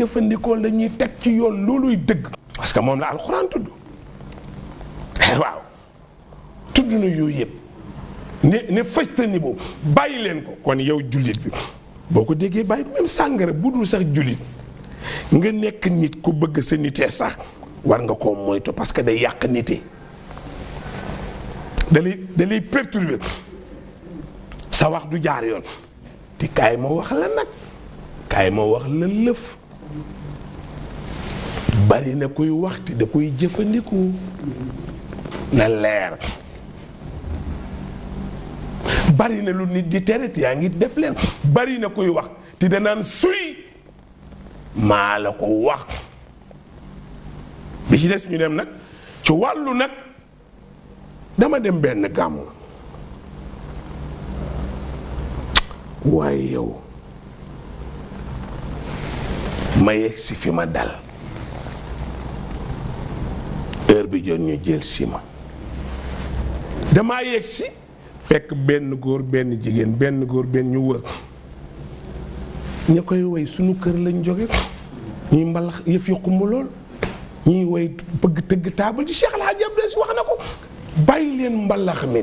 jëfandikoo lañuy teg ci yoon looluy dëgg parce que moom la alxuraan tudd waaw tudd na yooyu yëpp ne ne fësta ni boobu bàyyi leen ko kon yow jullit bi boo ko déggee bàyyi même sàngara bu dul sax jullit nga nekk nit ku bëgg sa nitee sax war nga koo moytu parce que day yàq nitee dalay dalay perturber sa wax du jaar yoon te kaay ma wax la nag kaay ma wax la lëf bari na kuy waxti da koy jëfandikoo na leer bari na lu nit di teret yaa ngi def leen bari na koy wax te danaan suy maa la ko wax bi ci des ñu dem nag ci wàllu nag dama dem benn gàmmu waaye yow ma yegg fi ma dal heure bi jot ñu jël si ma damaa yegg si fekk benn góor benn jigéen benn góor benn ñu wër ña koy woy sunu kër lañ jóge ñuy mbalax yëf yu xumb lool ñuy woy bëgg tëgg taabal ci Cheikh El Hadj Abdou wax na ko bàyyi leen mbalax mi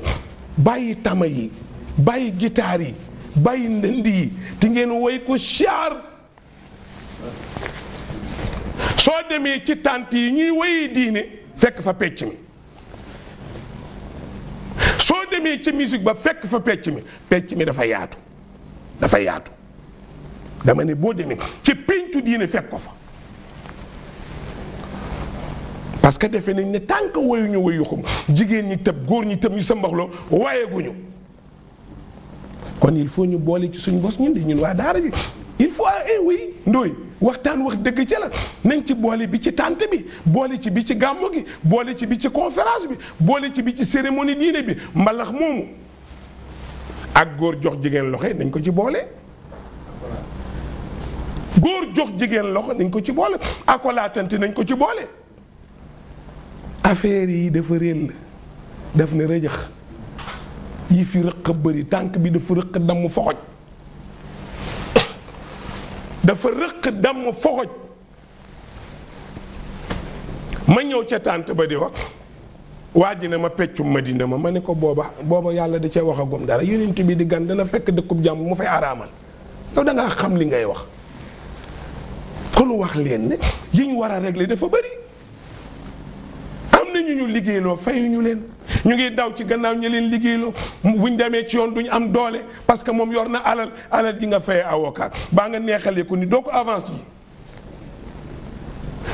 bàyyi tama yi bàyyi gitaar yi bàyyi ndënd yi te ngeen woy ko char soo demee ci tànt yi ñuy woyee diine fekk fa pecc mi soo demee ci musique ba fekk fa pecc mi pecc mi dafa yaatu dafa yaatu dama ne boo demee ci péncu diine fekk ko fa parce que defe nañ ne tànk woyuñu woyu xum jigéen ñi tëb góor ñi tëb ñu sa mbaxloo waaye guñu kon il faut ñu boole ci suñu bos ñun de ñun waa daara bi il faut eh oui ndooy waxtaan wax dëgg ca la nañ ci boole bi ci tànt bi boole ci bi ci gàmmu gi boole ci bi ci conférence bi boole ci bi ci cérémonie diine bi mbalax moomu ak góor jox jigéen loxo nañ ko ci boole. góor jox jigéen loxo nañ ko ci boole akolaatante nañ ko ci boole. affaire yi dafa réel def ne rëjëx yi fi rëq bari tànk bi dafa rëq damm foxoj dafa rëq damm foxoj ma ñëw ca tànt ba di wax waa ji ne ma peccum madina ma ma ne ko booba booba yàlla da cee wax agum dara yonent bi di gan dana fekk dëkkub jàmm mu fay araamal yow da xam li ngay wax kon wax leen ne yiñ war a régler dafa bari bëri ñu ñu liggéeyloo fayuñu leen ñu ngi daw ci gannaaw ñu leen liggéeyloo buñ demee ci yoon duñ am doole parce que moom yor na alal alal di nga fay avocat baa nga neexalee ko ni doo ko avance ji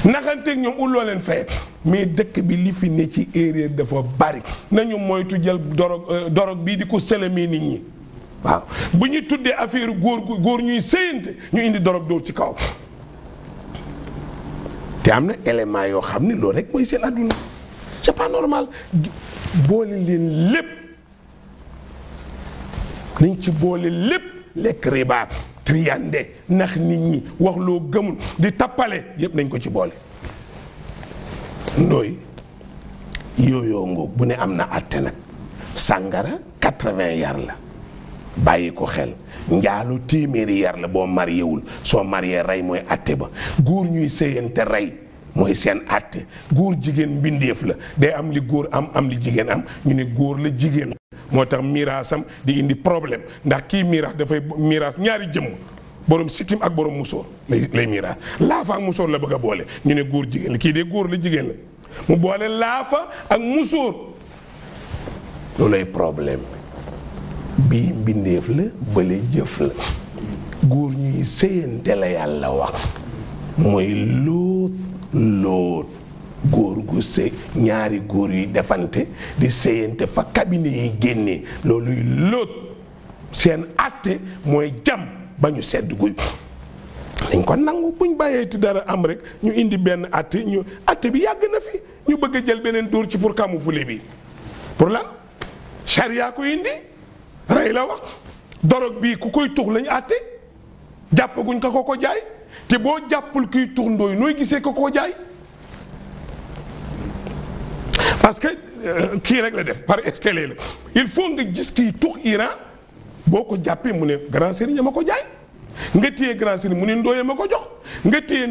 naxanteeg ñoom ulloo leen fay mais dëkk bi li fi ne ci erreur dafa bari nañu moytu jël dorog euh, dorog bii di ko sëlëmee nit ñi waaw bu ñu tuddee affaire góor góor ñuy séyante ñu indi dorog dóor ci kaw te am na élément yoo xam ne loolu rek mooy seen adduna c'est pas normal boole leen lépp nañ ci boole lépp lekk riba triyande ndax nit ñi wax loo gëmul di tappale yëpp nañ ko ci boole ndooy yooyoo ngoog bu ne am na àtte nag sàngara quatre-vingts yar la bàyyi ko xel njaalu téeméeri yar la boo mariyewul soo marié rey mooy àtte ba góor ñuy séyante rey mooy seen àtte góor jigéen mbindeef la day am li góor am am li jigéen am ñu ne góor la jigéen moo tax miraasam di indi problème ndax kii miraas dafay miraas ñaari jëmm borom sikkim ak borom musóor lay lay miraas laafa ak musóor la bëgg boole ñu ne góor jigéen de góor la jigéen mu boole laafa ak musóor loolay problème bii mbindeef la bële jëf la góor ñuy sëyante la yàlla wax mooy lóot loo góor gu sëy ñaari góor yuy defante di sëyante fa cabinet yi génnee looluy lóot seen àtte mooy jam ba ñu sedd guy dañ ko nangu buñ bàyyeeti dara am rek ñu indi benn àtte ñu àtte bi yàgg na fi ñu bëgg a jël beneen dóor ci pour camoufler bi pour lan charia ko indi rey la wax dorog bii ku koy tux lañu àtte jàppaguñ ko ko ko jaay te boo jàppul kiy turndooy nooy gisee ko ko jaay parce que euh, kii rek la def par escalier la il faut nga gis kii tux Iran boo ko jàppee mu ne grand sëriñ ma ko jaay nga téye grand sëriñ mu ne ndooye ma ko jox nga téye